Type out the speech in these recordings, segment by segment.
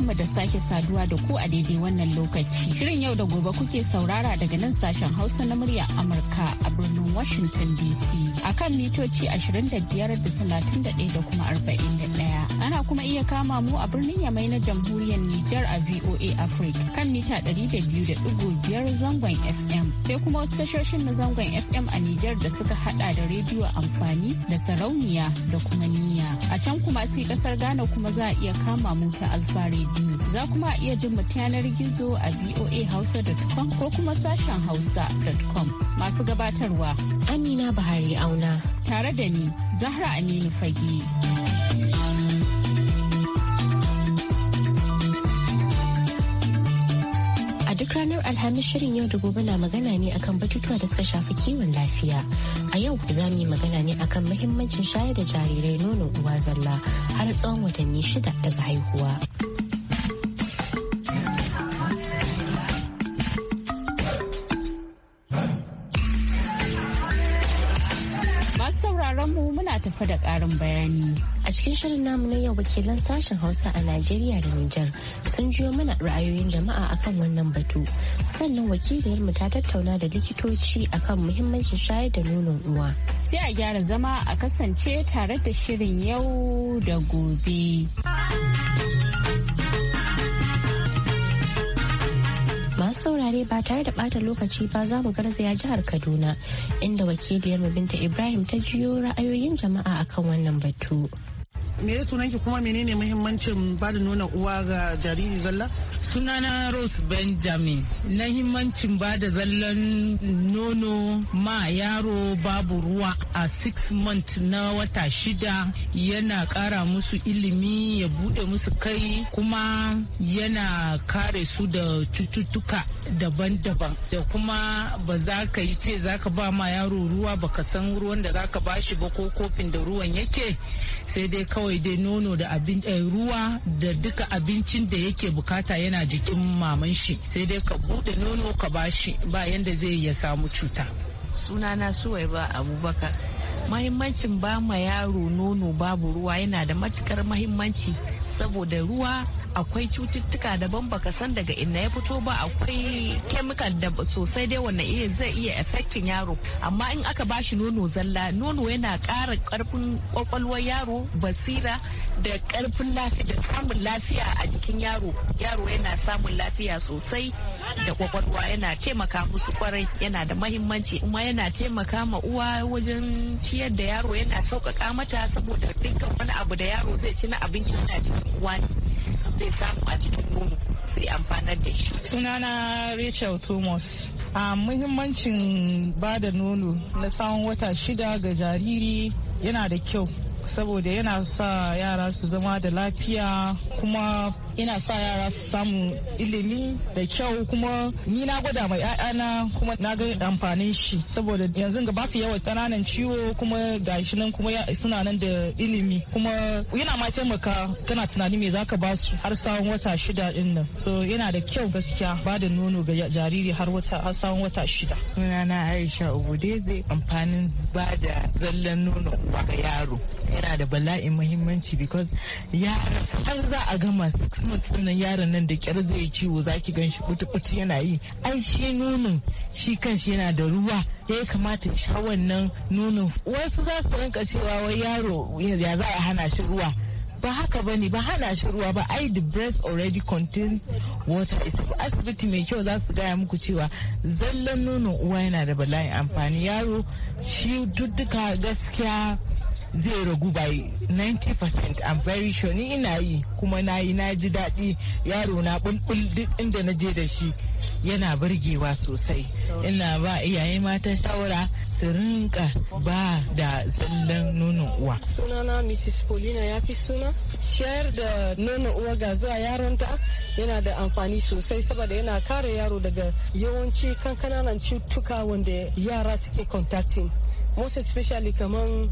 barkanmu da sake saduwa da ku a daidai wannan lokaci. Shirin yau da gobe kuke saurara daga nan sashen Hausa na murya Amurka a birnin Washington DC a kan mitoci 25 da 31 da kuma 41. kuma iya kama mu a birnin Yamai na jamhuriyar Nijar a VOA Africa kan mita 200.5 zangon FM. Sai kuma wasu tashoshin na zangon FM a Nijar da suka hada da rediyo amfani da sarauniya da kuma niya A can kuma sai kasar Ghana kuma za a iya kama mu ta Alfa Radio. Za kuma iya jin mu yanar gizo a voahausa.com ko kuma sashen hausa.com. Masu gabatarwa Amina Bahari Auna. Tare da ni Zahra Aminu Fage. duk ranar Alhamis shirin yau da gobe na magana ne akan batutuwa da suka shafi kiwon lafiya. A yau za mu yi magana ne akan mahimmancin shayar da jarirai nono uwa zalla har tsawon watanni shida daga haihuwa. tafa da ƙarin bayani. A cikin shirin namu na yau wakilan sashen Hausa a Najeriya da Nijar sun jiyo mana ra'ayoyin jama'a akan wannan batu. Sannan wakiliyar mu ta tattauna da likitoci akan muhimmancin shayar da nonon uwa. Sai a gyara zama a kasance tare da shirin yau da gobe. saurare ba tare da bata lokaci ba za mu garzaya jihar Kaduna inda wakiliyar mu Binta Ibrahim ta jiyo ra'ayoyin jama'a akan wannan batu. Me sunan ki kuma menene muhimmancin ba da nuna uwa ga jariri zalla? sunana rose benjamin na himmancin ba da zallan nono ma yaro babu ruwa a six month na wata shida yana kara musu ilimi ya bude musu kai kuma yana kare su da cututtuka daban-daban da kuma ba za ka yi ce za ka ba ma yaro ruwa ba ka san ruwan da za ka ba shi ba ko kofin da ruwan yake sai dai kawai dai nono da abin eh, ruwa da duka abincin da yake bukata yana jikin maman shi sai dai ka bude nono ka bashi ba yanda zai ya samu cuta sunana suwaiba abubakar mahimmancin ba ma yaro nono babu ruwa yana da matukar mahimmanci saboda ruwa akwai cututtuka daban baka san daga inna ya fito ba akwai kemikal da sosai dai wanda iya zai iya affecting yaro amma in aka bashi nono zalla nono yana ƙara ƙarfin kwakwalwar yaro basira da ƙarfin lafiya da samun lafiya a jikin yaro yaro yana samun lafiya sosai da kwakwalwa yana taimaka musu kwarai yana da mahimmanci kuma yana taimaka ma uwa wajen ciyar da yaro yana sauƙaƙa mata saboda dukkan wani abu da yaro zai ci na abinci yana cikin uwa ne zai samu a cikin nono sai amfanar da shi. Sunana Rachel Thomas. A muhimmancin ba da nono na tsawon wata shida ga jariri yana da kyau saboda yana sa yara su zama da lafiya kuma yana sa yara su samu ilimi da kyau kuma ni na gwada mai ‘ya'yana kuma na ga amfanin shi saboda yanzu ga basu yawan ƙananan ciwo kuma gashi nan kuma suna nan da ilimi kuma yana ma taimaka kana tunani me zaka ba su har tsawon wata shida din nan so yana da kyau gaskiya ba da nono ga jariri har wata har tsawon wata shida sunana Aisha zai amfanin ba da zallan nono ga yaro yana da bala'in muhimmanci because yara har za a gama sannan yaron nan da kyar zai ciwo zaki gan shi kutu yana yi ai shi nonon shi kanshi yana da ruwa ya kamata sha wannan nonon wasu za su rinka cewa wai yaro ya za a hana shi ruwa ba haka ba ne ba hana shi ruwa ba ai the breast already contains water is asibiti mai kyau za su gaya muku cewa zallan nonon uwa yana da bala'in amfani yaro shi duka gaskiya zai ragu by 90% I'm very sure ni ina yi kuma na yi na ji daɗi yaro na bulbul duk inda na je da shi yana burgewa sosai ina ba iyaye mata shawara su rinka ba da zallan nono uwa sunana mrs paulina ya fi suna shayar da nono uwa ga zuwa yaronta yana da amfani sosai saboda yana kare yaro daga yawanci kankananan cutuka wanda yara suke contacting most especially kamar.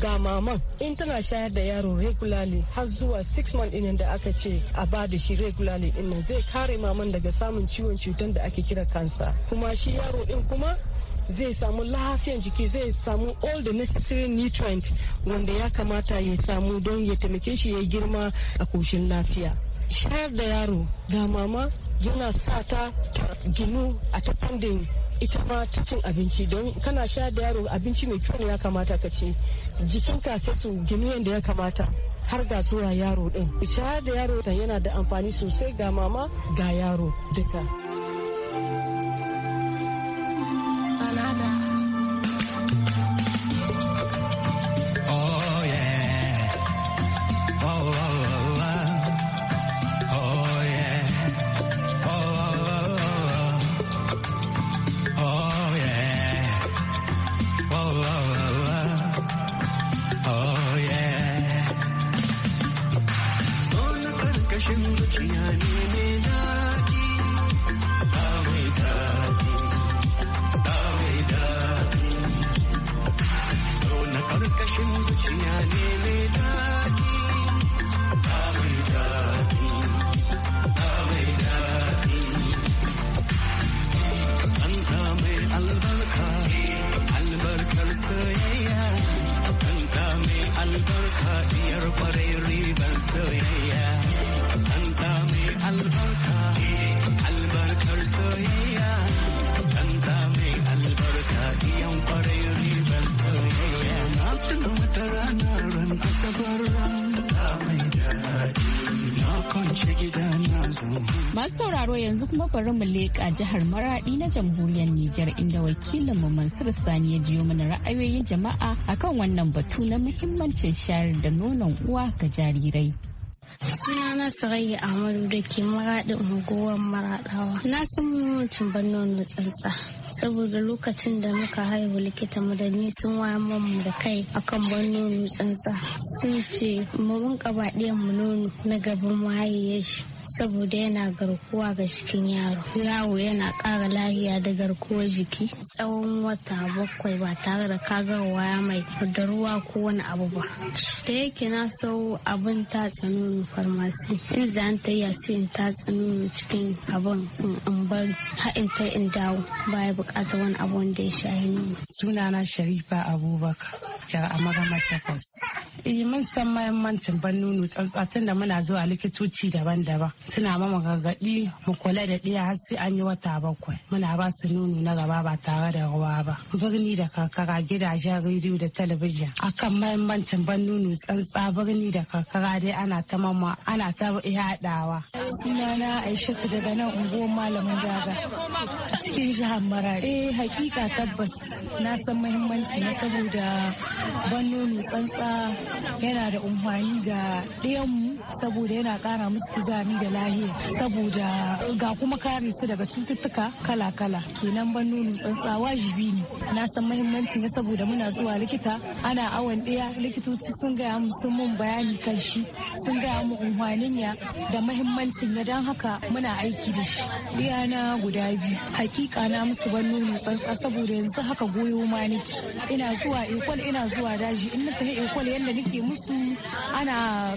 ga maman in tana shayar da yaro regularly har zuwa 6 month ɗin da aka ce a ba da shi regularly ɗin zai kare maman daga samun ciwon cutar da ake kira kansa kuma shi yaro ɗin kuma zai samu lafiyan jiki zai samu all the necessary nutrients wanda ya kamata ya samu don ya taimake shi ya girma a koshin lafiya shayar da yaro ga mama yana sa ta ginu a ta ita ma ta cin abinci don kana sha da yaro abinci mai kyau ne ya kamata ka ci jikinka sai su gini yadda ya kamata har ga zuwa yaro din shayar da yaro yana da amfani sosai ga mama ga yaro duka albarka diyar kwarai ribar soyayya ɗan mai albarka albarkar soyayya ɗan mai albarka diyan kwarai ribar soyayya na tuna wata rana ran asabar Masu sauraro yanzu kuma bari mu leƙa jihar maraɗi na jamhuriyar Nijar inda wakilin mu Mansur Sani ya jiyo mana ra'ayoyin jama'a akan wannan batu na muhimmancin shayar da nonon uwa ga jarirai. sunana sarayya ahmadu da ke maraɗin unguwar maraɗawa na san mutum ban nono tsantsa saboda lokacin da muka haihu likita mu sun waya mu da kai akan ban nono tsantsa sun ce mu rinka mu nono na gaban mahaiyar shi saboda yana garkuwa ga cikin yaro yawo yana ƙara lahiya da garkuwar jiki tsawon wata bakwai ba tare da kagarwa mai da ruwa ko wani abu ba Ta yake na sau abin ta tsanoni farmasi in za ta yi sai in ta tsanoni cikin abin in bar haɗin ta in dawo baya bukata wani abu wanda ya shahi nuna. sunana sharifa abubakar a magamar takwas. Eh, mun san mahimmancin ban nono tsantsa da muna zuwa likitoci daban-daban suna mama gargaɗi mu kula da ɗaya har sai an yi wata bakwai muna ba su nono na gaba ba tare da ruwa ba birni da karkara gidajen rediyo da talabijin akan mahimmancin ban nono tsantsa birni da karkara dai ana ta mama ana ta yaɗawa. sunana aishatu daga nan unguwar malamin daga a cikin jihar marari eh hakika tabbas na san mahimmanci na saboda ban nono tsantsa yana da umfani ga ɗayanmu saboda yana kara musu kuzari da lahiya saboda ga kuma kare su daga cututtuka kala-kala kenan ban nono tsantsa wajibi ne na san mahimmanci ne saboda muna zuwa likita ana awon ɗaya likitoci sun gaya mu sun mun bayani kan shi sun gaya mu unhwanin ya da mahimmancin ya don haka muna aiki da shi ɗaya na guda biyu hakika na musu ban nono tsantsa saboda yanzu haka goyo ma nake ina zuwa ekwal ina zuwa daji in na tafi ekwal yadda nake musu ana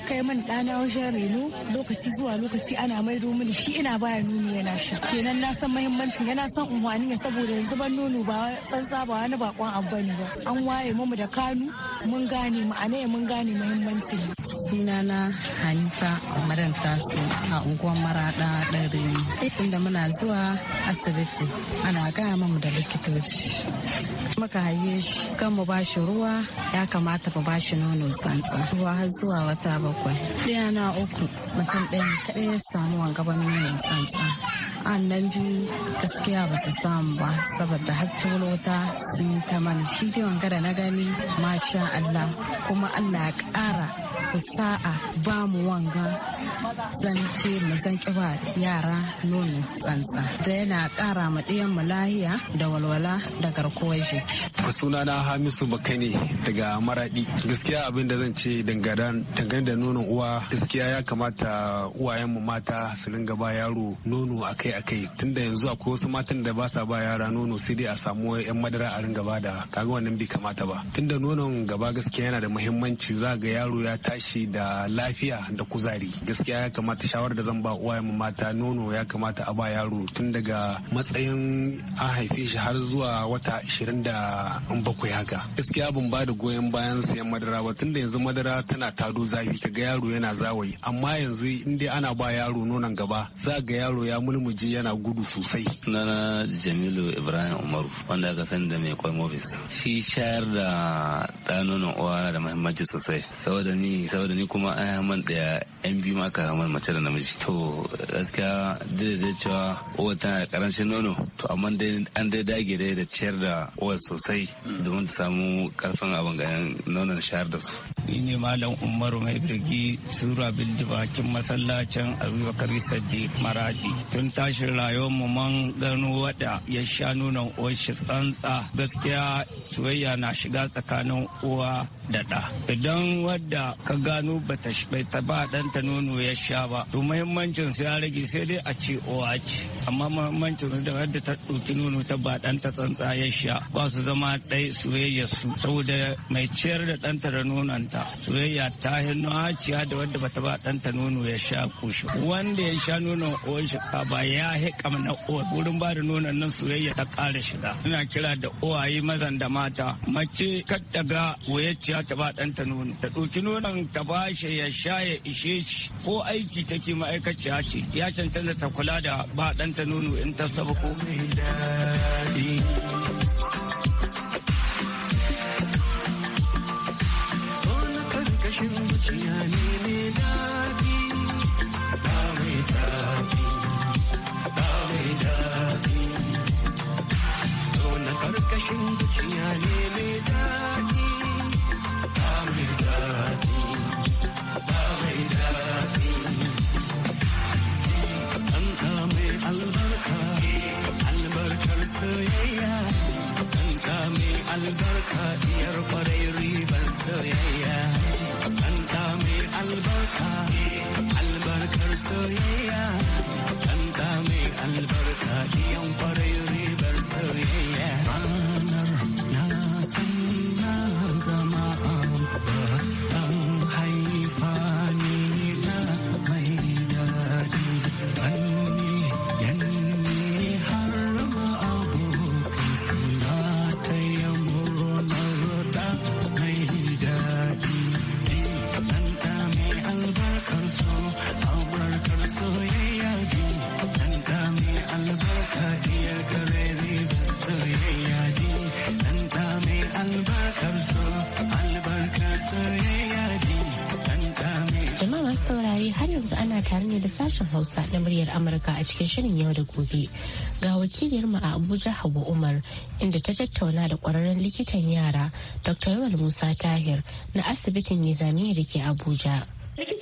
kai man ɗana wajen reno lokaci zuwa lokaci lokaci ana maido mini shi ina baya nuni yana sha kenan na san muhimmanci yana san unhwani ya saboda yanzu ban nono ba tsantsa ba wani bakon abu ba an waye mu da kanu mun gane ma'ana mun gane ne. sunana hanifa madan tasu a unguwar marada ɗari inda muna zuwa asibiti ana gaya mamu da likitoci muka haye shi kan mu ba shi ruwa ya kamata mu ba shi nono tsantsa ruwa har zuwa wata bakwai ɗaya na uku mutum ɗaya kaɗai sun samu wanga gwamnatin tsantsa annan biyu gaskiya ba su samu ba saboda har wata sun ta mana shi dai wanga da na gani masha Allah kuma Allah ya ƙara sa'a ba mu wanga zance mu san kiba yara nono tsantsa da yana kara ma ɗiyan mu lahiya da walwala da garkuwar suna na hamisu bakani daga maradi gaskiya abin da zan ce dangane da nonon uwa gaskiya ya kamata uwayen mu mata su dinga ba yaro nono akai akai tunda yanzu akwai wasu matan da ba sa ba yara nono sai dai a samu yan madara a ringa da kaga wannan bai kamata ba tunda nonon gaba gaskiya yana da muhimmanci za ga yaro ya ta tashi da lafiya da kuzari gaskiya ya kamata shawar da zan ba uwaye mata nono ya kamata a ba yaro tun daga matsayin an haife shi har zuwa wata 27 haka gaskiya ban ba da goyon bayan sayan madara ba tun da yanzu madara tana tado zafi kaga yaro yana zawayi amma yanzu in dai ana ba yaro nonon gaba za ga yaro ya mulmuje yana gudu sosai na jamilu ibrahim umaru wanda aka sani da mai kwai shi shayar da ɗan nonon uwa da muhimmanci sosai saboda ni saboda ni kuma an haman daya yan biyu ma aka haman mace da namiji to gaskiya duk da cewa uwa tana da karancin nono to amma dai an dai dage dai da ciyar da uwa sosai domin ta samu karfin abin ganin nonon shayar da su ni ne malam umaru mai birgi sura bildi bakin masallacin abubakar sadi maradi tun tashin rayuwar mu man gano wada ya sha nuna uwarshi tsantsa gaskiya soyayya na shiga tsakanin uwa da ɗa idan wadda ka gano bata bai taba danta nono ya sha ba to muhimmancin su ya rage sai dai a ce uwa ce amma muhimmancin su da wadda ta ɗauki nono ta ba tsantsa ya sha ba su zama ɗai soyayya su saboda mai ciyar da ɗanta da nononta ta soyayya ta hannu haciya da wanda bata ba ɗanta nono ya sha kushi wanda ya sha nono uwan shi ba ya hika na uwa wurin ba da nonon nan soyayya ta ƙara shiga ina kira da uwaye mazan da mata mace kar ta ga wayacciya ta ba ɗanta nono ta ɗauki nonon ta ba shi ya sha ya ishe shi ko aiki take ma'aikaciya ce ya cancanta ta kula da ba ɗanta nono in ta saba ko. soyayya kanta mai albarka diyar kwarai ribar soyayya kanta mai albarka albarkar soyayya kanta mai albarka diyan kwarai saurare har yanzu ana tare ne da sashen Hausa na muryar Amurka a cikin shirin yau da gobe. Ga wakiliyar mu a Abuja Hawa Umar inda ta tattauna da kwararren likitan yara Dr. Yawal Musa Tahir na asibitin Nizamiya da ke Abuja.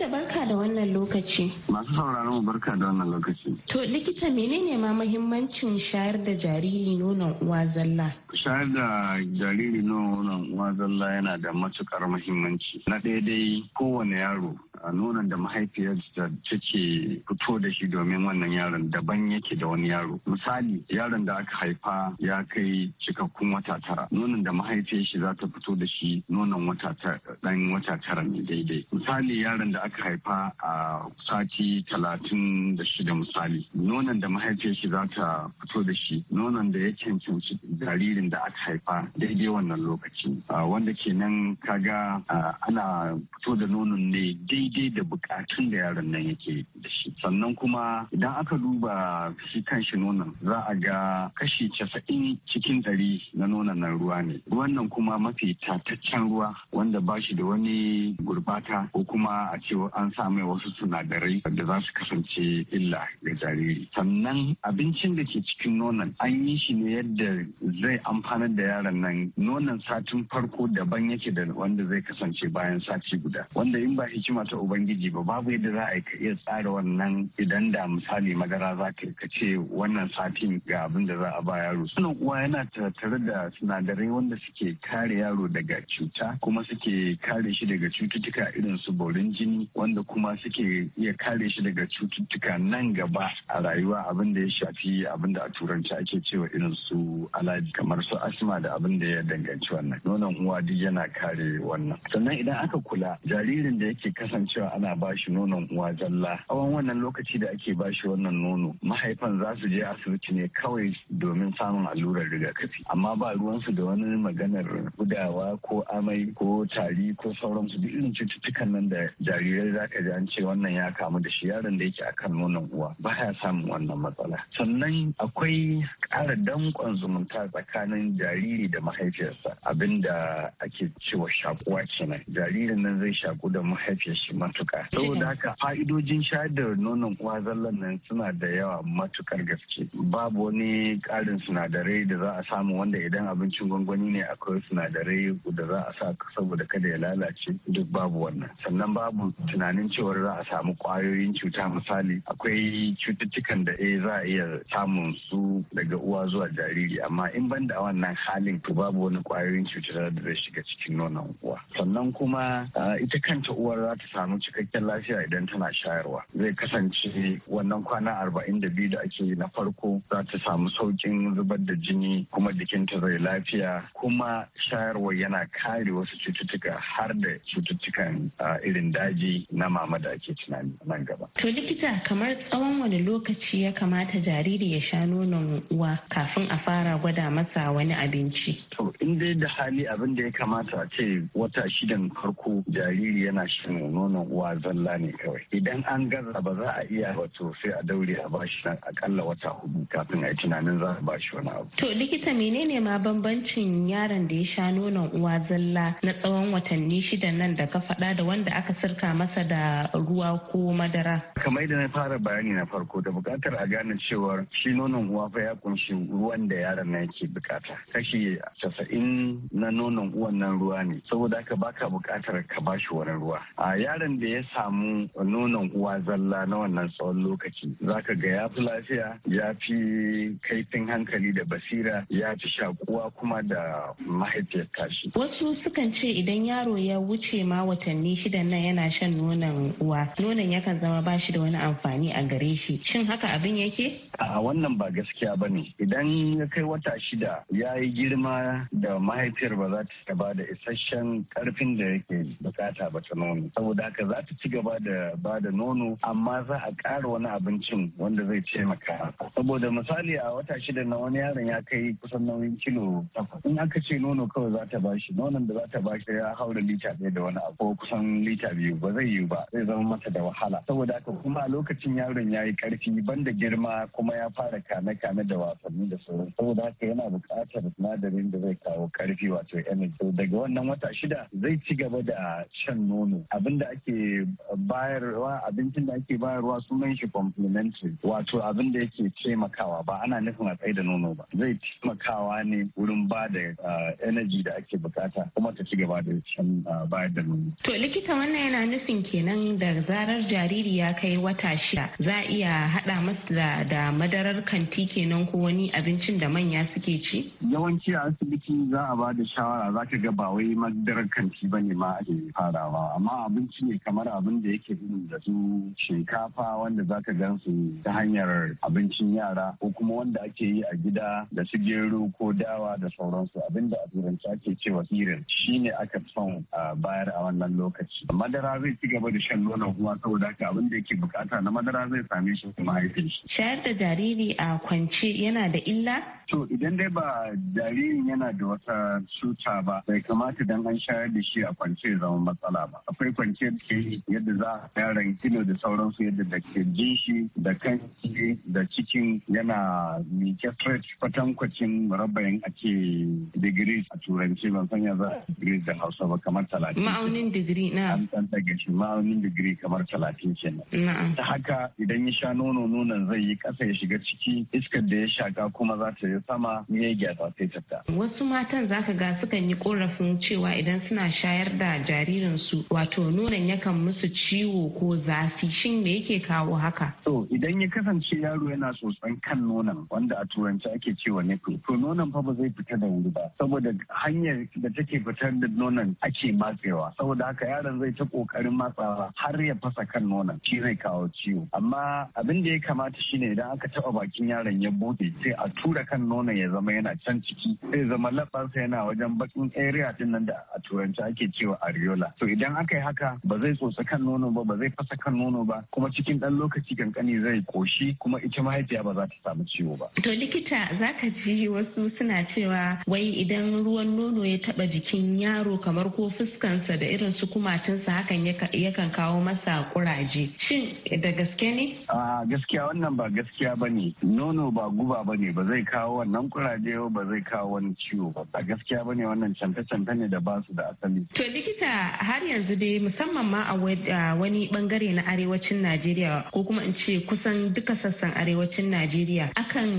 likita barka da wannan lokaci. Masu sauraron mu barka da wannan lokaci. To likita menene ma muhimmancin shayar da jariri nonon uwa zalla? Shayar da jariri nonon uwa zalla yana da matukar muhimmanci. Na ɗaya dai kowane yaro a nonon da mahaifiyar take fito da shi domin wannan yaron daban yake da wani yaro. Misali yaron da aka haifa ya kai cikakkun wata tara. Nonon da mahaifiyar shi za ta fito da shi nonon wata ɗan wata tara ne daidai. Misali yaron da aka aka haifa a sati talatin da shida misali nonon da mahaifiyar shi za ta fito da shi nonon da ya cancanci jaririn da aka haifa daidai wannan lokaci wanda kenan kaga ana fito da nonon ne daidai da bukatun da yaron nan yake da shi sannan kuma idan aka duba shi kan shi nonon za a ga kashi casa'in cikin dari na nonon nan ruwa ne ruwan nan kuma mafi tataccen ruwa wanda ba shi da wani gurbata ko kuma a cewa an sa mai wasu sinadarai da za su kasance illa ga jariri sannan abincin da ke cikin nonon an yi shi ne yadda zai amfanar da yaron nan nonon satin farko daban yake da wanda zai kasance bayan sati guda wanda in ba hikima ta ubangiji ba babu yadda za a iya tsara wannan idan da misali madara za ka ce wannan satin ga abin da za a ba yaro sannan uwa yana tattare da sinadarai wanda suke kare yaro daga cuta kuma suke kare shi daga cututtuka irin su borin jini wanda kuma suke iya kare shi daga cututtuka nan gaba a rayuwa abin da ya shafi abin da a turanci ake cewa irin su alaji kamar su asma da abin da ya danganci wannan nonon uwa duk yana kare wannan sannan idan aka kula jaririn da yake kasancewa ana bashi nonon uwa zalla tsawon wannan lokaci da ake bashi wannan nono mahaifan za su je asibiti ne kawai domin samun allurar rigakafi amma ba ruwansu da wani maganar gudawa ko amai ko tari ko sauransu duk irin cututtukan nan da jarirai dare za ka ji an ce wannan ya kamu da shi yaron da yake akan nonon uwa ba ya samun wannan matsala sannan akwai ƙara danƙon zumunta tsakanin jariri da mahaifiyarsa abinda ake cewa shakuwa kenan jaririn nan zai shaku da mahaifiyar shi matuka saboda haka fa'idojin shayar da nonon uwa zallan nan suna da yawa matukar gaske babu wani ƙarin sinadarai da za a samu wanda idan abincin gwangwani ne akwai sinadarai da za a sa saboda kada ya lalace duk babu wannan sannan babu tunanin cewar za a samu kwayoyin cuta misali akwai cututtukan da a eh, za a iya samun su daga uwa zuwa jariri amma in ban da wannan halin to babu wani kwayoyin cutar da zai shiga cikin nonon uwa sannan kuma ah, ita kanta uwar za ta samu cikakken lafiya idan tana shayarwa zai kasance wannan kwana arba'in da biyu da ake na farko za ta samu sauƙin zubar da jini kuma jikinta zai lafiya kuma shayarwa yana kare wasu cututtuka har da cututtukan ah, irin daji na mama da ake tunani nan gaba. To likita kamar tsawon wani lokaci ya kamata jariri ya sha nonon uwa kafin a fara gwada masa wani abinci? To in dai da hali abin da ya kamata a ce wata shidan farko jariri yana shan nonon uwa zalla ne kawai. Idan an gaza ba za a iya wato sai a daure a bashi nan akalla wata hudu kafin a yi tunanin za a bashi wani abu. To likita menene ma bambancin yaron da ya sha nonon uwa zalla na tsawon watanni shidan nan da ka faɗa da wanda aka sirka masa masa da ruwa ko madara. Kamar yadda na fara bayani na farko da bukatar a gane cewar shi nonon uwa fa ya kunshi ruwan da yaron na yake bukata. Kashi casa'in na nonon uwan nan ruwa ne saboda haka baka bukatar ka bashi wani ruwa. A yaron da ya samu nonon uwa zalla na wannan tsawon lokaci zaka ga ya fi lafiya ya fi kaifin hankali da basira ya fi shakuwa kuma da mahaifiyar kashi. Wasu sukan ce idan yaro ya wuce ma watanni shida nan yana shan nonon uwa nonon yakan zama ba shi da wani amfani a gare shi shin haka abin yake a wannan ba gaskiya ba ne idan ya kai wata shida ya yi girma da mahaifiyar ba za ta ba da isasshen karfin da yake bukata ba ta nono saboda haka za ta ci gaba da ba da nono amma za a ƙara wani abincin wanda zai taimaka saboda misali a wata shida na wani yaron ya kai kusan nauyin kilo takwas in aka ce nono kawai za ta ba shi nonon da za ta ba shi ya haura lita ɗaya da wani abu kusan lita biyu ba zai zai yiwu ba zai zama masa da wahala saboda haka kuma a lokacin yaron ya yi karfi banda girma kuma ya fara kame kame da wasanni da sauran saboda haka yana buƙatar sinadarin da zai kawo karfi wato energy daga wannan wata shida zai ci gaba da shan nono abinda ake bayarwa abincin da ake bayarwa sunan shi complementary wato abinda da yake taimakawa ba ana nufin a tsaye da nono ba zai taimakawa ne wurin ba da ah, energy da ake bukata kuma ta ci gaba da shan ah, bayar da nono to likita wannan yana nufin nufin kenan da zarar jariri ya kai wata shida za a iya haɗa masa da madarar kanti kenan ko wani abincin da manya suke ci? Yawanci a asibiti za a ba da shawara za ka ga ba wai madarar kanti ba ne ma ake farawa amma abinci ne kamar abin da yake irin da su shinkafa wanda za ka gan su ta hanyar abincin yara ko kuma wanda ake yi a gida da su gero ko dawa da sauransu abin da a turanci ake cewa irin shine aka son bayar a wannan lokaci. Madara zai ci gaba da shan nonon uwa saboda haka abin da yake bukata na madara zai same shi kuma mahaifin shi. Shayar da jariri a kwance yana da illa To idan dai ba jaririn yana da wata cuta ba bai kamata dan an shayar da shi a kwance zama matsala ba. Akwai kwance da yadda za a yaran kilo da sauransu yadda da ke jin shi da kan da cikin yana mike stretch kwacin rabayin a ce digiri a turanci ban sanya za a digiri da hausa ba kamar talatin. Ma'aunin digiri na. An ɗan daga shi ma'aunin digiri kamar talatin kenan. Ta haka idan ya sha nono nonon zai yi ƙasa ya shiga ciki iskar da ya shaka kuma za ta daga sama ya yi gyata sai ta wasu matan za ka ga sukan yi korafin cewa idan suna shayar da jaririnsu, wato nonon yakan musu ciwo ko zafi shin me yake kawo haka to idan ya kasance yaro yana tsotsan kan nonon wanda a turanci ake cewa nipple to nonon fa ba zai fita da wuri ba saboda hanyar da take fitar da nonon ake matsewa saboda haka yaron zai ta kokarin matsawa har ya fasa kan nonon shi zai kawo ciwo amma abin da ya kamata shine idan aka taba bakin yaron ya bude sai a tura kan nonon ya zama yana can ciki zai zama labansa yana wajen bakin area din nan da a turanci ake cewa areola to idan aka yi haka ba zai tsotsa kan nono ba ba zai fasa kan nono ba kuma cikin dan lokaci kankani zai koshi kuma ita mahaifiya ba za ta samu ciwo ba to likita zaka ji wasu suna cewa wai idan ruwan nono ya taba jikin yaro kamar ko fuskansa da irin su kumatinsa hakan yakan kawo masa kuraje shin da gaske ne a gaskiya wannan ba gaskiya bane nono ba guba bane ba zai kawo wannan kuraje ba zai kawo wani ciwo ba a gaskiya bane wannan canfe-canfe ne da ba su da asali to likita har yanzu dai musamman ma a wani bangare na arewacin najeriya ko kuma in ce kusan duka sassan arewacin najeriya akan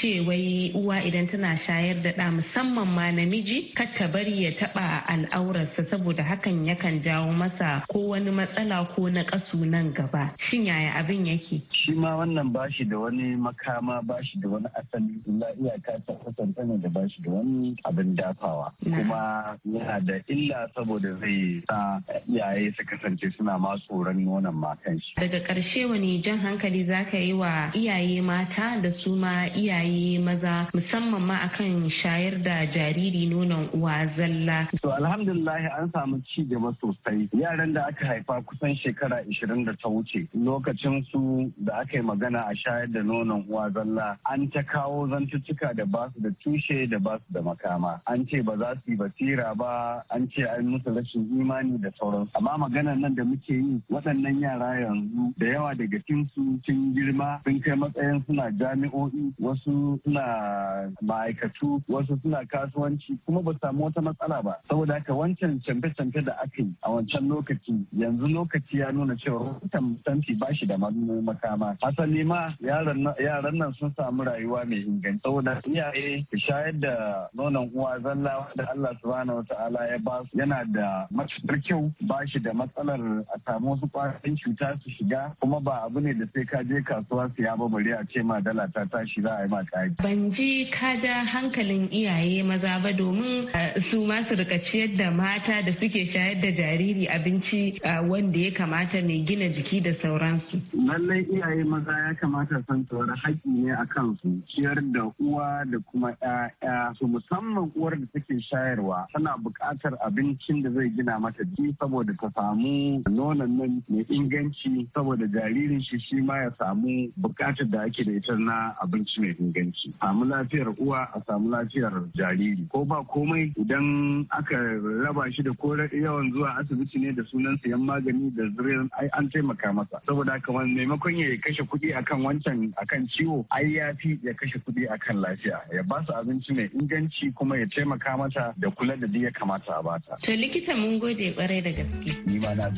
ce wai uwa idan tana shayar da ɗa musamman ma namiji kar ta bari ya taba al'aurarsa saboda hakan yakan jawo masa ko wani matsala ko na kasu nan gaba shin yaya abin yake shi ma wannan bashi da wani makama bashi da wani asali illa iyaka ta hasan da bashi da wani abin dafawa kuma yana da illa saboda zai sa iyaye su kasance suna ma tsoron nonon matan shi daga karshe wani jan hankali zaka yi wa iyaye mata da su ma iyaye maza musamman ma akan shayar da jariri nonon uwa zalla to alhamdulillah an samu ci gaba sosai yaran da aka haifa kusan shekara ishirin da ta wuce lokacin su da aka yi magana a shayar da nonon uwa zalla an ta kawo zanta cututtuka da ba su da tushe da ba su da makama an ce ba za su yi basira ba an ce an musu rashin imani da sauransu amma maganar nan da muke yi waɗannan yara yanzu da yawa daga su sun girma sun kai matsayin suna jami'o'i wasu suna ma'aikatu wasu suna kasuwanci kuma ba samu wata matsala ba saboda haka wancan canfe-canfe da aka yi a wancan lokaci yanzu lokaci ya nuna cewa rahoton mutanci ba shi da makama asali ma yaran nan sun samu rayuwa mai inganci saboda iyaye shayar da nonon uwa zalla da Allah subhanahu wata'ala ya ba su yana da matuƙar kyau ba shi da matsalar a samu wasu ƙwayoyin cuta su shiga kuma ba abu ne da sai ka je kasuwa siya ba bari a ce ma dala ta tashi za a yi ma ƙari. Ban ji ka da hankalin iyaye maza ba domin su ma su rika ciyar da mata da suke shayar da jariri abinci wanda ya kamata mai gina jiki da sauransu. Lallai iyaye maza ya kamata san tsoron haƙƙi ne a kansu ciyar da uwa da kuma ƴaƴa su musamman uwar da take shayarwa tana buƙatar abincin da zai gina mata jiki saboda ta samu nonon nan mai inganci saboda jaririn shi shi ma ya samu buƙatar da ake da ita na abinci mai inganci samu lafiyar uwa a samu lafiyar jariri ko ba komai idan aka raba shi da ko yawan zuwa asibiti ne da sunan sayan magani da zirin ai an taimaka masa saboda haka maimakon ya kashe kuɗi akan wancan akan ciwo ai ya fi ya kashe kuɗi akan kan lafiya ya ba su abinci mai inganci kuma ya taimaka mata da kula da ya kamata a bata. To likita mun gode kwarai da gaske. Ni ma na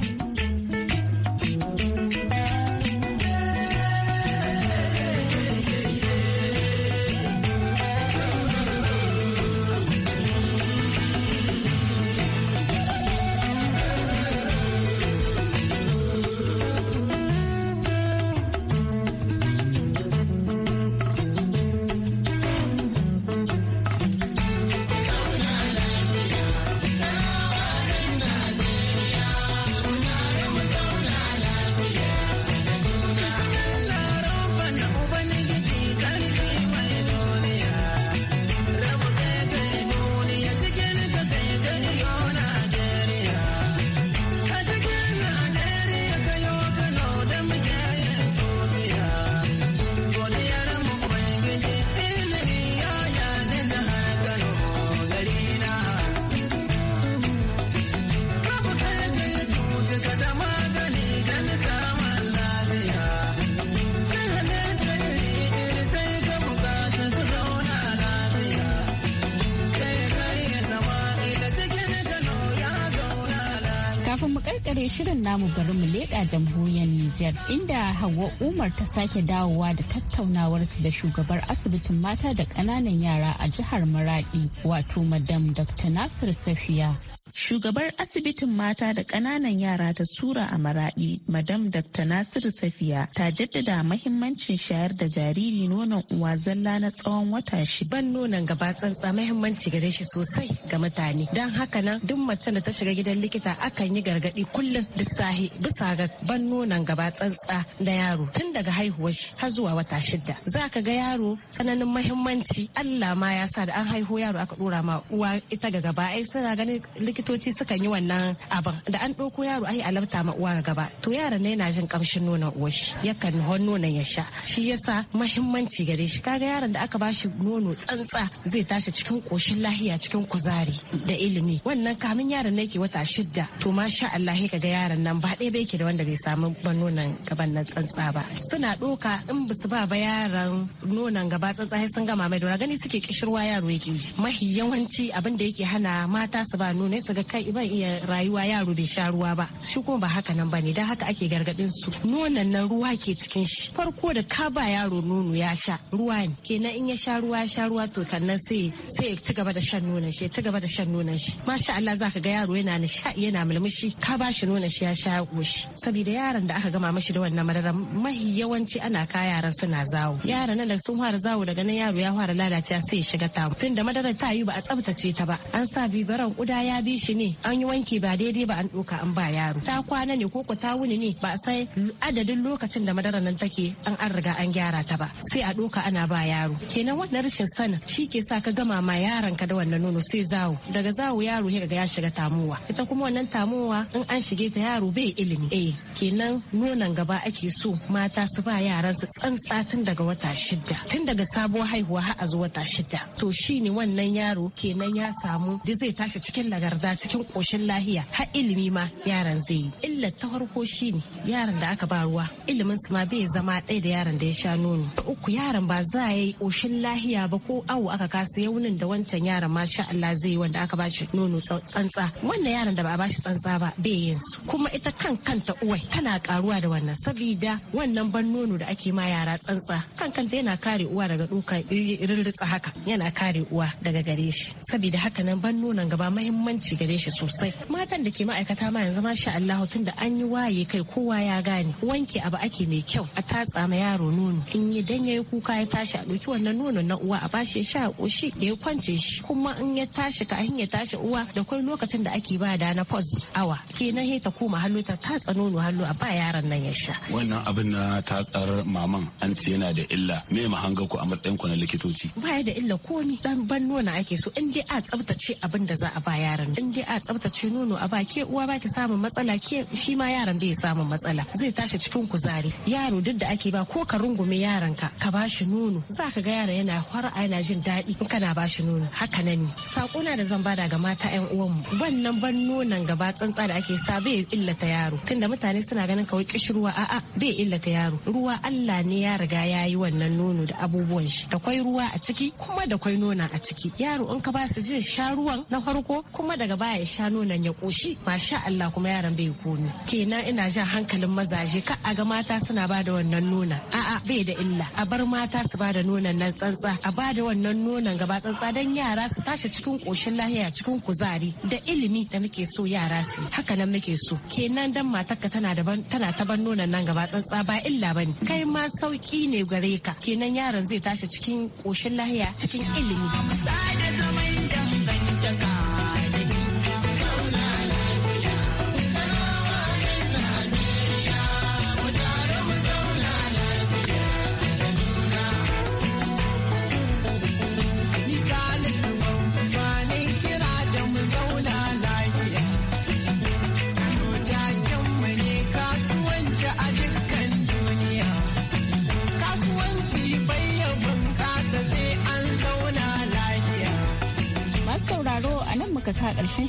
shirin namu bari mu leƙa jamhuriyar Nijar inda Hauwa Umar ta sake dawowa da tattaunawarsu da shugabar asibitin mata da ƙananan yara a jihar Maradi wato Madam Dr. Nasir Safiya shugabar asibitin mata da ƙananan yara ta sura a maraɗi madam dr nasiru safiya ta jaddada mahimmancin shayar da jariri nonon uwa zalla na tsawon wata shi. ban nonon gaba tsantsa mahimmanci gare shi sosai ga mutane don haka nan duk mace da ta shiga gidan likita akan yi gargaɗi kullum sahi bisa ga ban nonon gaba tsantsa da yaro tun daga haihuwar shi har zuwa wata shida za ka ga yaro tsananin mahimmanci allah ma ya sa da an haihu yaro aka ɗora ma uwa ita ga gaba ai suna ganin likita likitoci sukan yi wannan abin da an ɗauko yaro ai alafta ma uwa gaba to yaron ne yana jin kamshin nonon uwa shi yakan hon nonon ya sha shi yasa mahimmanci gare shi kaga yaron da aka bashi nono tsantsa zai tashi cikin koshin lahiya cikin kuzari da ilimi wannan kamin yaron ne ke wata shida to ma sha Allah ka ga yaron nan ba ɗaya bai da wanda bai samu ban nonon gaban nan tsantsa ba suna ɗoka in ba su ba ba yaron nonon gaba tsantsa sai sun gama mai dora gani suke kishirwa yaro yake ji mahi yawanci abin da yake hana mata su ba nono su ga kai ban iya rayuwa yaro bai sha ruwa ba shi kuma ba haka nan bane dan haka ake gargadin su nonon nan ruwa ke cikin shi farko da ka ba yaro nono ya sha ruwa ne kenan in ya sha ruwa ya sha ruwa to kannan sai sai ya ci gaba da shan nonon shi ya ci gaba da shan nonon shi masha Allah zaka ga yaro yana nishaɗi yana mulmushi ka ba shi nonon shi ya sha ya koshi saboda yaron da aka gama mashi da wannan madara mahi yawanci ana ka yaran suna zawo yaran nan da sun fara zawo daga nan yaro ya fara lalacewa sai ya shiga tamu da madara ta yi ba a tsabtace ta ba an sa bibaran kuda ya bi shi ne an yi wanki ba daidai ba an ɗauka an ba yaro ta kwana ne ko ta wuni ne ba sai adadin lokacin da madara nan take an an riga an gyara ta ba sai a ɗauka ana ba yaro kenan wannan rashin sanin shi ke sa ka gama ma yaron ka da wannan nono sai zawo daga zawo yaro ya ga ya shiga tamuwa ita kuma wannan tamuwa in an shige ta yaro bai ilimi eh kenan nonon gaba ake so mata su ba yaran su tsantsa tun daga wata shida tun daga sabuwar haihuwa har a zuwa wata shida to shi ne wannan yaro kenan ya samu da zai tashi cikin lagarda kaza cikin koshin lahiya har ilimi ma yaran zai yi illar ta farko shine yaran da aka ba ruwa ilimin su ma bai zama ɗaya da yaran da ya sha nono da uku yaran ba za a yi koshin lahiya ba ko awo aka kasa yaunin da wancan yaran ma sha Allah zai yi wanda aka ba shi nono tsantsa wannan yaran da ba a ba tsantsa ba bai yin su kuma ita kan kanta uwai tana karuwa da wannan sabida wannan ban nono da ake ma yara tsantsa kan kanta yana kare uwa daga duka irin haka yana kare uwa daga gare shi sabida haka nan ban nonon gaba mahimmanci gare shi sosai matan da ke ma'aikata ma yanzu masha Allah tun da an yi waye kai kowa ya gane wanke abu ake mai kyau a tatsa ma yaro nono in yi dan yayi kuka ya tashi a doki wannan nono na uwa a bashi ya sha koshi da ya kwance shi kuma in ya tashi ka hin ya tashi uwa da kwai lokacin da ake ba da na pause awa kenan sai ta koma hallo ta tatsa nono hallo a ba yaron nan ya sha wannan abin na tatsar maman an ce yana da illa me mahanga ku a matsayin ku na likitoci ba da illa komi dan ban nono ake so in dai a tsabtace abin da za a ba yaron in dai a tsabtace nono a ba ke uwa ba ki samun matsala ke shi ma yaron bai samun matsala zai tashi cikin kuzari yaro duk da ake ba ko ka rungume yaron ka ka ba shi nono za ka ga yara yana fara yana jin daɗi in kana ba shi nono haka nan ne sakuna da zan bada ga mata yan uwan mu wannan ban nonon gaba tsantsa da ake sa bai illata yaro tunda mutane suna ganin kawai kishirwa a'a bai illata yaro ruwa Allah ne ya riga ya yi wannan nono da abubuwan shi da kwai ruwa a ciki kuma da kwai nona a ciki yaro in ka ba su zai sha ruwan na farko kuma daga gaba ya sha nonon ya koshi masha Allah kuma yaran bai komi kenan ina jan hankalin mazaje ka a ga mata suna ba da wannan nonon a'a bai da illa a bar mata su ba da nonon nan tsantsa a ba da wannan nonon gaba tsantsa dan yara su tashi cikin koshin lahiya cikin kuzari da ilimi da muke so yara su haka nan muke so kenan dan matarka tana da tana ta ban nonon nan gaba tsantsa ba illa bane kai ma sauki ne gare ka kenan yaron zai tashi cikin koshin lahiya cikin ilimi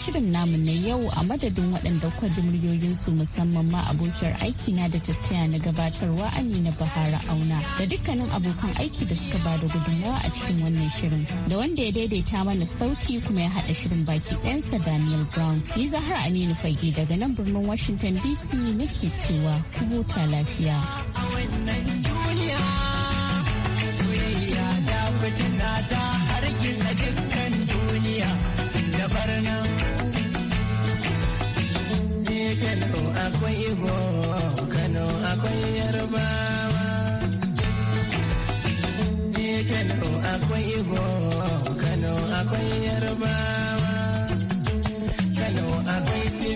shirin namu na yau a madadin waɗanda kwa ji muryoyinsu musamman ma abokiyar aiki na da tattaya na gabatarwa Amina Bahara Auna da dukkanin abokan aiki da suka ba da gudunmawa a cikin wannan shirin da wanda ya daidaita mana sauti kuma ya haɗa shirin baki ɗansa Daniel Brown. Ni Zahra Aminu Fage daga nan birnin Washington DC nake cewa ku huta lafiya. Soyayya ta Kano akwai Igbo, Kano akwai Yarbawa. Kano akwai Igbo, Kano akwai Yarbawa. Kano akwai